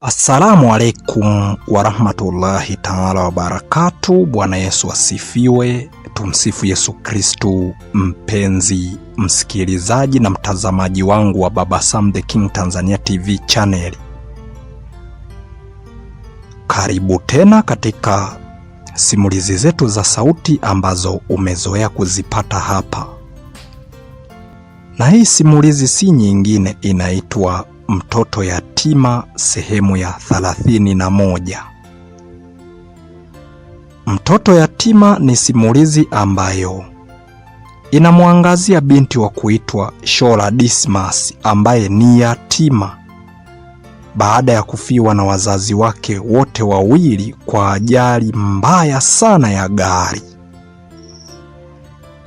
Assalamu alaikum warahmatullahi taala wabarakatu. Bwana Yesu asifiwe. Tumsifu Yesu Kristu. Mpenzi msikilizaji na mtazamaji wangu wa Baba Sam the King Tanzania TV channel, karibu tena katika simulizi zetu za sauti ambazo umezoea kuzipata hapa, na hii simulizi si nyingine, inaitwa Mtoto yatima sehemu ya thalathini na moja. Mtoto yatima ni simulizi ambayo inamwangazia binti wa kuitwa Shola Dismas ambaye ni yatima baada ya kufiwa na wazazi wake wote wawili kwa ajali mbaya sana ya gari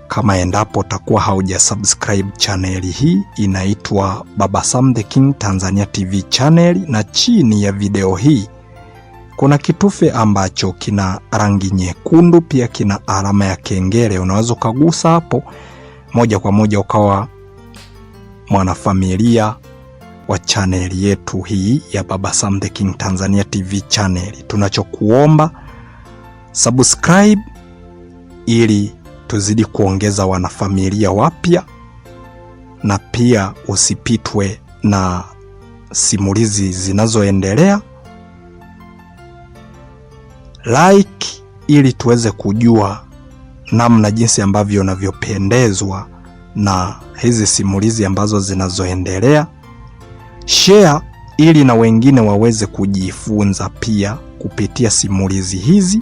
kama endapo utakuwa haujasubscribe chaneli hii inaitwa Baba Sam the King Tanzania TV channel, na chini ya video hii kuna kitufe ambacho kina rangi nyekundu, pia kina alama ya kengele. Unaweza ukagusa hapo moja kwa moja ukawa mwanafamilia wa chaneli yetu hii ya Baba Sam the King Tanzania TV channel. Tunachokuomba subscribe ili tuzidi kuongeza wanafamilia wapya, na pia usipitwe na simulizi zinazoendelea. Like ili tuweze kujua namna jinsi ambavyo unavyopendezwa na hizi simulizi ambazo zinazoendelea. Share ili na wengine waweze kujifunza pia kupitia simulizi hizi,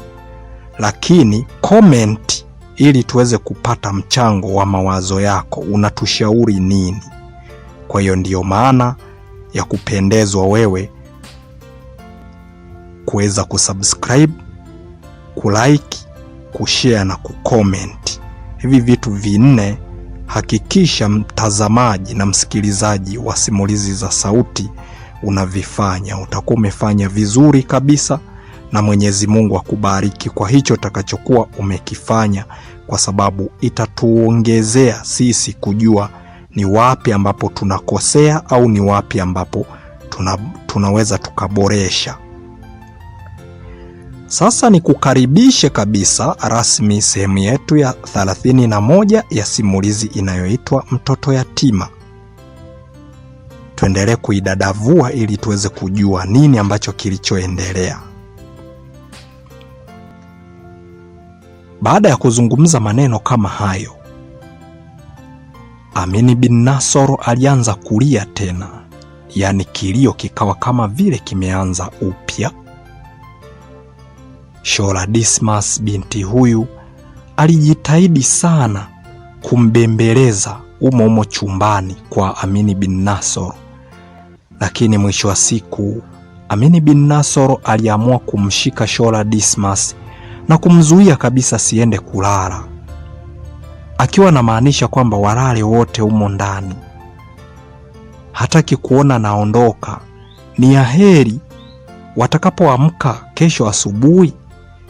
lakini komenti ili tuweze kupata mchango wa mawazo yako, unatushauri nini? Kwa hiyo ndiyo maana ya kupendezwa wewe kuweza kusubscribe, kulike, kushare na kucomment. Hivi vitu vinne hakikisha mtazamaji na msikilizaji wa simulizi za sauti unavifanya, utakuwa umefanya vizuri kabisa na Mwenyezi Mungu akubariki kwa hicho utakachokuwa umekifanya, kwa sababu itatuongezea sisi kujua ni wapi ambapo tunakosea au ni wapi ambapo tuna, tunaweza tukaboresha. Sasa ni kukaribishe kabisa rasmi sehemu yetu ya 31 ya simulizi inayoitwa Mtoto Yatima. Tuendelee kuidadavua ili tuweze kujua nini ambacho kilichoendelea. Baada ya kuzungumza maneno kama hayo, Amini bin Nasoro alianza kulia tena, yaani kilio kikawa kama vile kimeanza upya. Shola Dismas binti huyu alijitahidi sana kumbembeleza umo umo chumbani kwa Amini bin Nasoro, lakini mwisho wa siku Amini bin Nasoro aliamua kumshika Shola Dismas na kumzuia kabisa siende kulala, akiwa anamaanisha kwamba walale wote humo ndani. Hataki kuona naondoka, ni aheri watakapoamka kesho asubuhi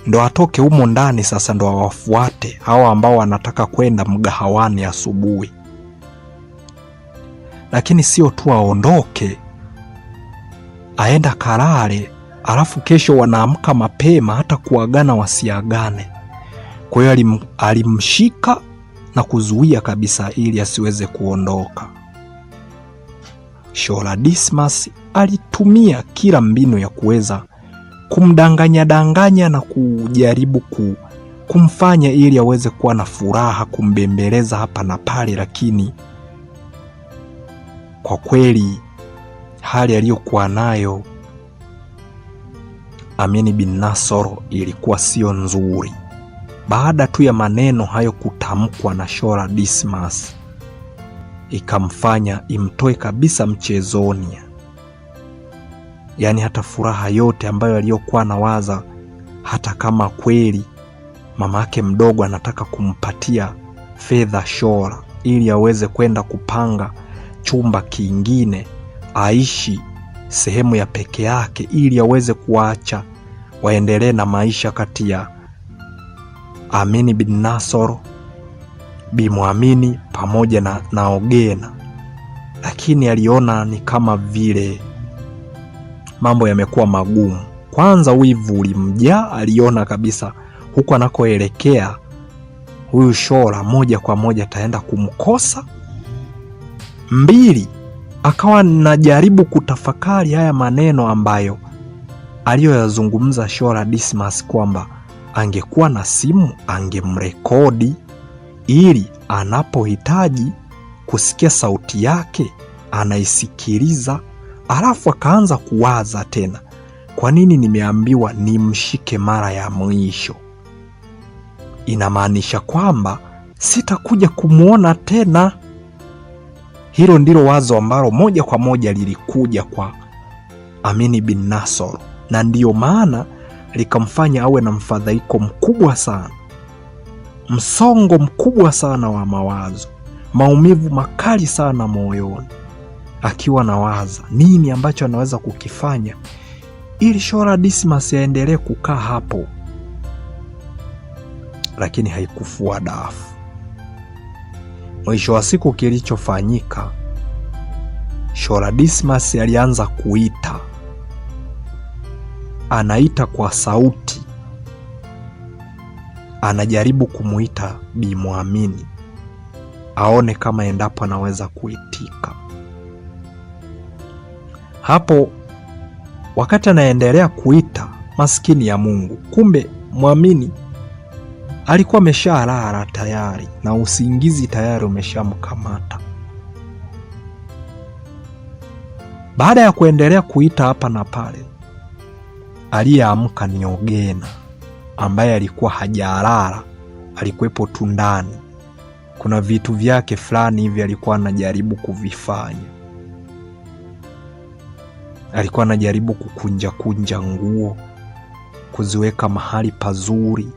ndo atoke humo ndani sasa, ndo awafuate hawa ambao wanataka kwenda mgahawani asubuhi. Lakini sio tu aondoke, aenda kalale alafu kesho wanaamka mapema, hata kuagana wasiagane. Kwa hiyo alim, alimshika na kuzuia kabisa ili asiweze kuondoka. Shola Dismas alitumia kila mbinu ya kuweza kumdanganya danganya na kujaribu ku, kumfanya ili aweze kuwa na furaha, kumbembeleza hapa na pale, lakini kwa kweli hali aliyokuwa nayo amini bin nasoro ilikuwa sio nzuri. Baada tu ya maneno hayo kutamkwa na Shora Dismas, ikamfanya imtoe kabisa mchezoni, yaani hata furaha yote ambayo aliyokuwa anawaza, hata kama kweli mama yake mdogo anataka kumpatia fedha Shora ili aweze kwenda kupanga chumba kingine aishi sehemu ya peke yake ili aweze kuacha waendelee na maisha kati ya Amini bin Nasoro Bimwamini pamoja na, na Ogena, lakini aliona ni kama vile mambo yamekuwa magumu. Kwanza wivu ulimjaa, aliona kabisa huku anakoelekea huyu Shola moja kwa moja ataenda kumkosa. Mbili, akawa najaribu kutafakari haya maneno ambayo aliyoyazungumza Shora Dismas kwamba angekuwa na simu angemrekodi ili anapohitaji kusikia sauti yake anaisikiliza. Alafu akaanza kuwaza tena, kwa nini nimeambiwa nimshike mara ya mwisho? Inamaanisha kwamba sitakuja kumwona tena. Hilo ndilo wazo ambalo moja kwa moja lilikuja kwa Amini bin Nasor, na ndiyo maana likamfanya awe na mfadhaiko mkubwa sana, msongo mkubwa sana wa mawazo, maumivu makali sana moyoni, akiwa nawaza nini ambacho anaweza kukifanya ili Shora Dismas aendelee kukaa hapo, lakini haikufua dafu. Mwisho wa siku, kilichofanyika Shola Dismas alianza kuita, anaita kwa sauti, anajaribu kumuita Bimwamini aone kama endapo anaweza kuitika. Hapo wakati anaendelea kuita, maskini ya Mungu, kumbe Mwamini alikuwa ameshalala tayari na usingizi tayari umeshamkamata. Baada ya kuendelea kuita hapa na pale, aliyeamka ni Ogena ambaye alikuwa hajalala, alikuwepo tu ndani. Kuna vitu vyake fulani hivi alikuwa anajaribu kuvifanya, alikuwa anajaribu kukunja kunja nguo kuziweka mahali pazuri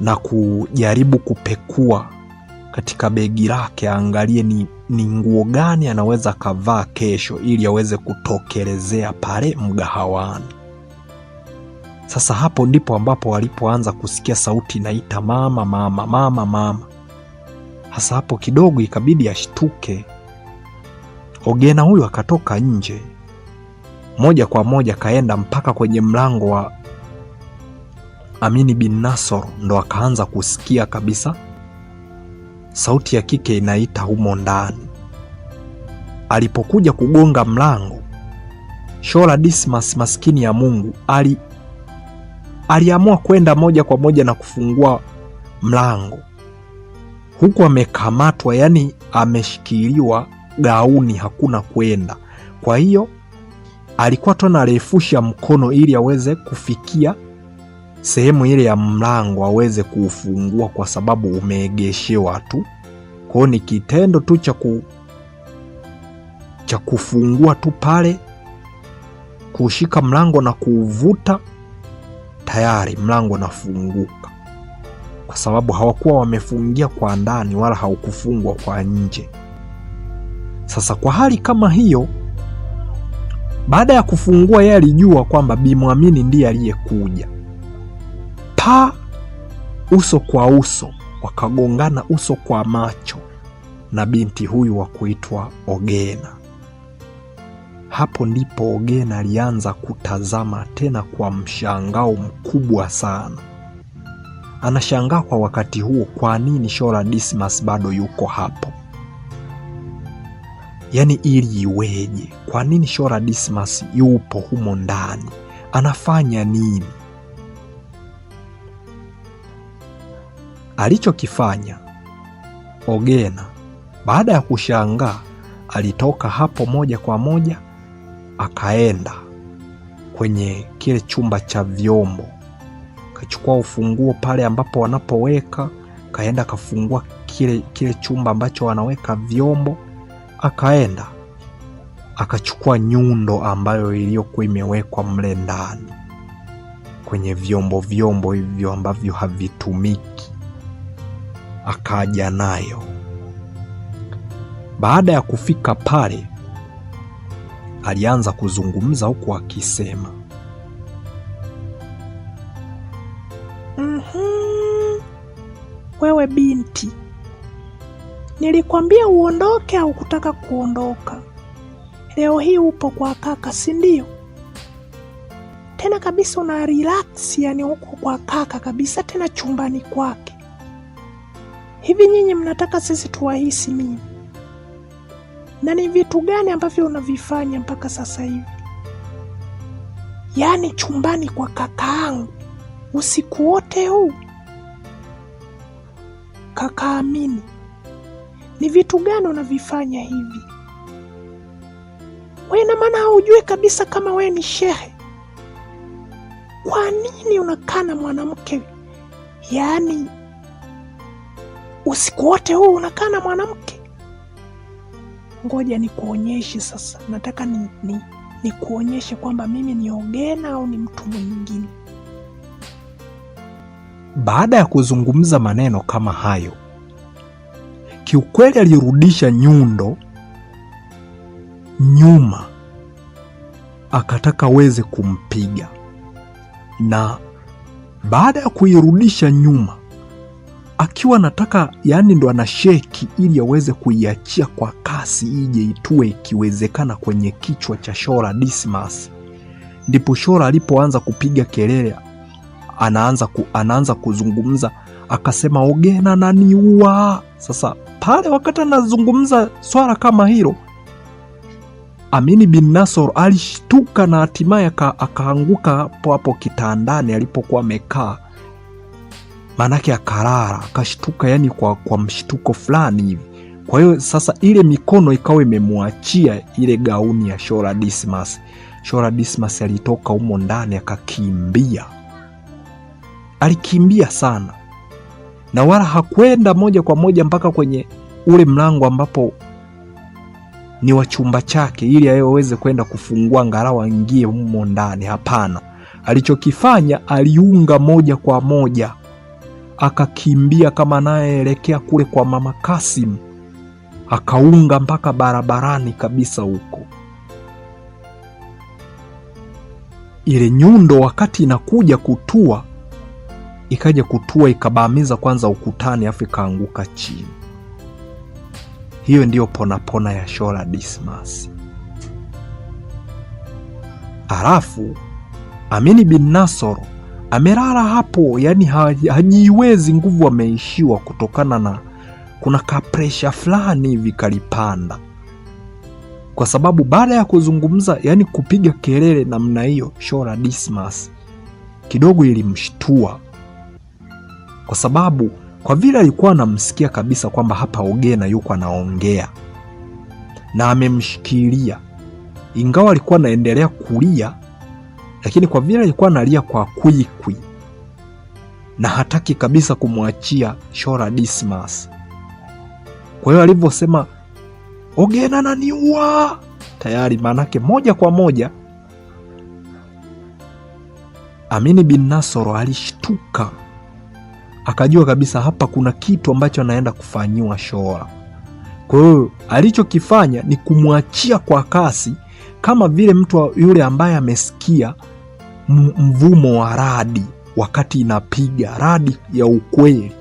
na kujaribu kupekua katika begi lake aangalie ni, ni nguo gani anaweza akavaa kesho ili aweze kutokelezea pale mgahawani. Sasa hapo ndipo ambapo walipoanza kusikia sauti naita mama, mama, mama, mama. Hasa hapo kidogo ikabidi ashtuke. Ogena huyu akatoka nje moja kwa moja, kaenda mpaka kwenye mlango wa Amini bin Nasor, ndo akaanza kusikia kabisa sauti ya kike inaita humo ndani. Alipokuja kugonga mlango, Shola Dismas maskini ya Mungu ali aliamua kwenda moja kwa moja na kufungua mlango huku amekamatwa, yaani ameshikiliwa gauni, hakuna kwenda. Kwa hiyo alikuwa tu anarefusha mkono ili aweze kufikia sehemu ile ya mlango aweze kuufungua kwa sababu umeegeshewa tu. Kwa ni kitendo tu cha ku cha kufungua tu pale, kushika mlango na kuuvuta, tayari mlango unafunguka, kwa sababu hawakuwa wamefungia kwa ndani wala haukufungwa kwa nje. Sasa kwa hali kama hiyo, baada ya kufungua, yeye alijua kwamba Bi Mwamini ndiye aliyekuja pa uso kwa uso, wakagongana uso kwa macho na binti huyu wa kuitwa Ogena. Hapo ndipo Ogena alianza kutazama tena kwa mshangao mkubwa sana. Anashangaa kwa wakati huo, kwa nini Shola Dismas bado yuko hapo? Yaani ili iweje? Kwa nini Shola Dismas yupo humo ndani? Anafanya nini? Alichokifanya Ogena baada ya kushangaa, alitoka hapo moja kwa moja akaenda kwenye kile chumba cha vyombo, kachukua ufunguo pale ambapo wanapoweka, kaenda kafungua kile, kile chumba ambacho wanaweka vyombo, akaenda akachukua nyundo ambayo iliyokuwa imewekwa mle ndani kwenye vyombo vyombo hivyo ambavyo havitumiki akaja nayo. Baada ya kufika pale, alianza kuzungumza huku akisema mm -hmm. Wewe binti, nilikwambia uondoke au kutaka kuondoka? Leo hii upo kwa kaka, si ndio? Tena kabisa una relax, yani uko kwa kaka kabisa, tena chumbani kwake. Hivi nyinyi mnataka sisi tuwahisi mimi? Na ni vitu gani ambavyo unavifanya mpaka sasa hivi? Yaani chumbani kwa kakaangu usiku wote huu, kaka Amini, ni vitu gani unavifanya hivi? Wewe na maana haujui kabisa kama wewe ni shehe. Kwa nini unakaa na mwanamke yaani usiku wote huu unakaa na mwanamke? Ngoja nikuonyeshe sasa, nataka nikuonyeshe ni, ni kwamba mimi ni Ogena au ni mtu mwingine. Baada ya kuzungumza maneno kama hayo, kiukweli alirudisha nyundo nyuma, akataka aweze kumpiga, na baada ya kuirudisha nyuma akiwa nataka yani ndo ana sheki ili aweze kuiachia kwa kasi ije itue ikiwezekana kwenye kichwa cha Shora Dismas. Ndipo Shora alipoanza kupiga kelele, anaanza, ku, anaanza kuzungumza akasema, Ogena naniua. Sasa pale wakati anazungumza swala kama hilo, Amini bin Nasor alishtuka na hatimaye akaanguka hapo hapo kitandani alipokuwa amekaa maanake akalala akashtuka, yani kwa, kwa mshtuko fulani hivi. Kwa hiyo sasa ile mikono ikawa imemwachia ile gauni ya Shora Dismas. Shora Dismas alitoka humo ndani akakimbia, alikimbia sana, na wala hakwenda moja kwa moja mpaka kwenye ule mlango ambapo ni wa chumba chake ili aweze kwenda kufungua ngalau aingie humo ndani. Hapana, alichokifanya aliunga moja kwa moja akakimbia kama anayeelekea kule kwa mama Kasim, akaunga mpaka barabarani kabisa huko. Ile nyundo wakati inakuja kutua, ikaja kutua ikabamiza kwanza ukutani, afu ikaanguka chini. Hiyo ndiyo ponapona ya Shola Dismas. alafu Amini bin Nasoro amelala hapo, yani hajiwezi nguvu, ameishiwa kutokana na kuna kapresha fulani hivi kalipanda, kwa sababu baada ya kuzungumza, yani kupiga kelele namna hiyo, Shora Dismas kidogo ilimshtua, kwa sababu kwa vile alikuwa anamsikia kabisa kwamba hapa Ogena yuko anaongea na amemshikilia, ingawa alikuwa anaendelea kulia lakini kwa vile alikuwa analia kwa kwikwi na hataki kabisa kumwachia Shora Dismas, kwa hiyo alivyosema Ogena niua tayari, maanake moja kwa moja Amini bin Nasoro alishtuka, akajua kabisa hapa kuna kitu ambacho anaenda kufanyiwa Shora. Kwa hiyo alichokifanya ni kumwachia kwa kasi, kama vile mtu yule ambaye amesikia mvumo wa radi wakati inapiga radi ya ukweli,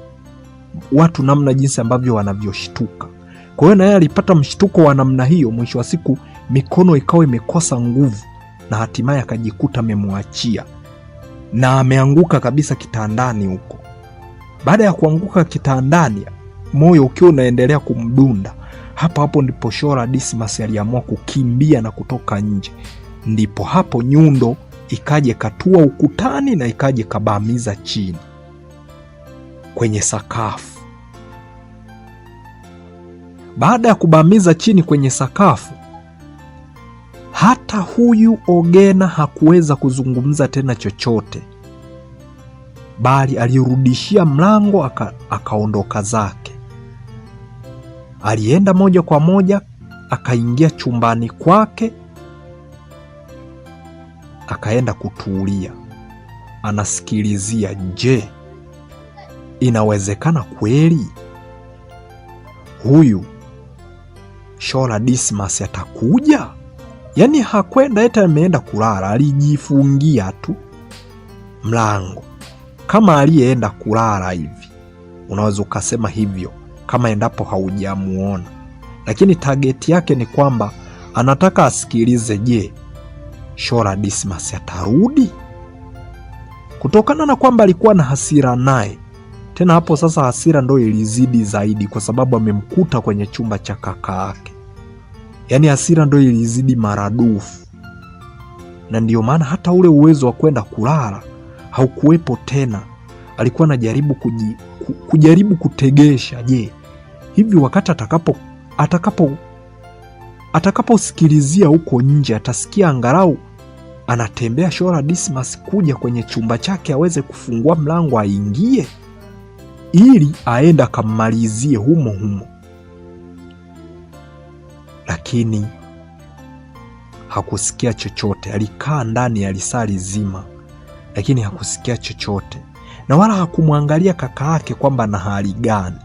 watu namna jinsi ambavyo wanavyoshtuka. Kwa hiyo naye alipata mshtuko wa namna hiyo, mwisho wa siku mikono ikawa imekosa nguvu, na hatimaye akajikuta amemwachia na ameanguka kabisa kitandani huko. Baada ya kuanguka kitandani, moyo ukiwa unaendelea kumdunda, hapo hapo ndipo Shora Dismas aliamua kukimbia na kutoka nje, ndipo hapo nyundo ikaje katua ukutani na ikaje kabamiza chini kwenye sakafu. Baada ya kubamiza chini kwenye sakafu, hata huyu Ogena hakuweza kuzungumza tena chochote, bali alirudishia mlango aka, akaondoka zake. Alienda moja kwa moja akaingia chumbani kwake akaenda kutulia, anasikilizia. Je, inawezekana kweli huyu Shola Dismas atakuja? Yaani hakwenda eti ameenda kulala, alijifungia tu mlango kama aliyeenda kulala hivi, unaweza ukasema hivyo kama endapo haujamuona, lakini tageti yake ni kwamba anataka asikilize, je Shora Dismas atarudi? Kutokana na kwamba alikuwa na hasira naye tena, hapo sasa hasira ndo ilizidi zaidi, kwa sababu amemkuta kwenye chumba cha kaka yake. Yaani hasira ndo ilizidi maradufu, na ndiyo maana hata ule uwezo wa kwenda kulala haukuwepo tena. Alikuwa anajaribu kuji, kujaribu kutegesha, je, hivi wakati atakapo atakapo atakaposikilizia huko nje atasikia angalau anatembea Shora Dismas kuja kwenye chumba chake aweze kufungua mlango aingie, ili aenda akammalizie humo humo, lakini hakusikia chochote. Alikaa ndani ya lisali zima, lakini hakusikia chochote na wala hakumwangalia kaka yake kwamba na hali gani.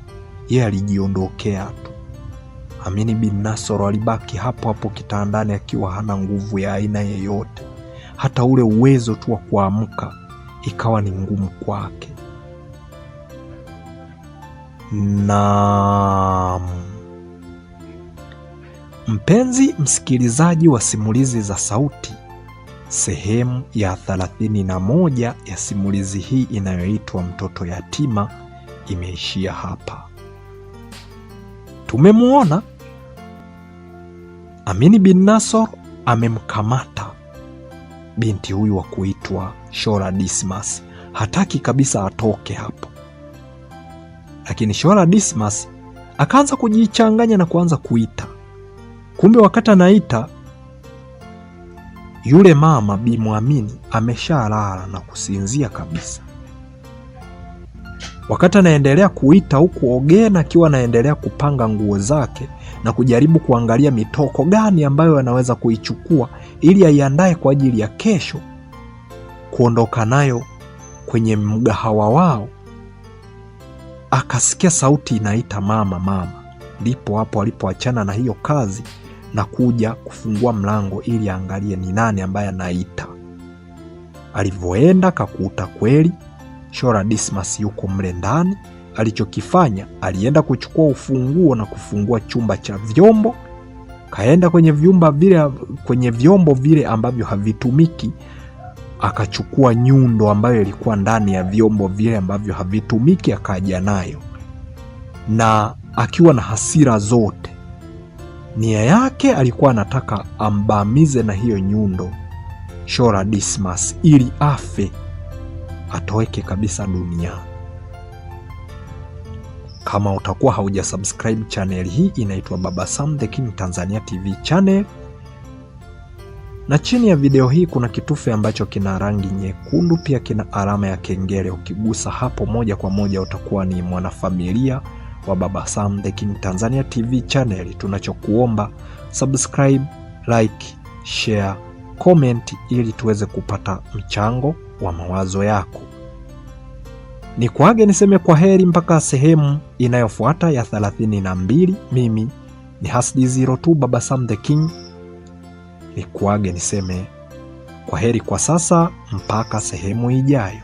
Yeye alijiondokea tu. Amini bin Nasoro alibaki hapo hapo kitandani akiwa hana nguvu ya aina yeyote hata ule uwezo tu wa kuamka ikawa ni ngumu kwake. na mpenzi msikilizaji wa simulizi za sauti, sehemu ya 31 ya simulizi hii inayoitwa Mtoto Yatima imeishia hapa. Tumemwona Amini bin Nasor amemkamata binti huyu wa kuitwa Shora Dismas hataki kabisa atoke hapo, lakini Shora Dismas akaanza kujichanganya na kuanza kuita. Kumbe wakati anaita yule mama Bi Mwamini ameshalala na kusinzia kabisa. Wakati anaendelea kuita huku Ogena akiwa anaendelea kupanga nguo zake na kujaribu kuangalia mitoko gani ambayo anaweza kuichukua ili aiandae kwa ajili ya kesho kuondoka nayo kwenye mgahawa wao. Akasikia sauti inaita mama, mama. Ndipo hapo alipoachana na hiyo kazi na kuja kufungua mlango ili aangalie ni nani ambaye anaita. Alivyoenda kakuta kweli Shora Dismas yuko mle ndani alichokifanya alienda kuchukua ufunguo na kufungua chumba cha vyombo, kaenda kwenye vyumba vile, kwenye vyombo vile ambavyo havitumiki, akachukua nyundo ambayo ilikuwa ndani ya vyombo vile ambavyo havitumiki, akaja nayo na akiwa na hasira zote. Nia yake alikuwa anataka ambamize na hiyo nyundo Shora Dismas ili afe atoweke kabisa duniani. Kama utakuwa haujasubscribe channel hii inaitwa Baba Sam The King Tanzania TV channel, na chini ya video hii kuna kitufe ambacho kina rangi nyekundu, pia kina alama ya kengele. Ukigusa hapo moja kwa moja utakuwa ni mwanafamilia wa Baba Sam The King Tanzania TV channel. Tunachokuomba subscribe, like, share, comment ili tuweze kupata mchango wa mawazo yako ni kwage niseme kwa heri mpaka sehemu inayofuata ya 32. Mimi ni Hasdi Zero Baba Sam the King, ni kwage niseme kwa heri kwa sasa mpaka sehemu ijayo.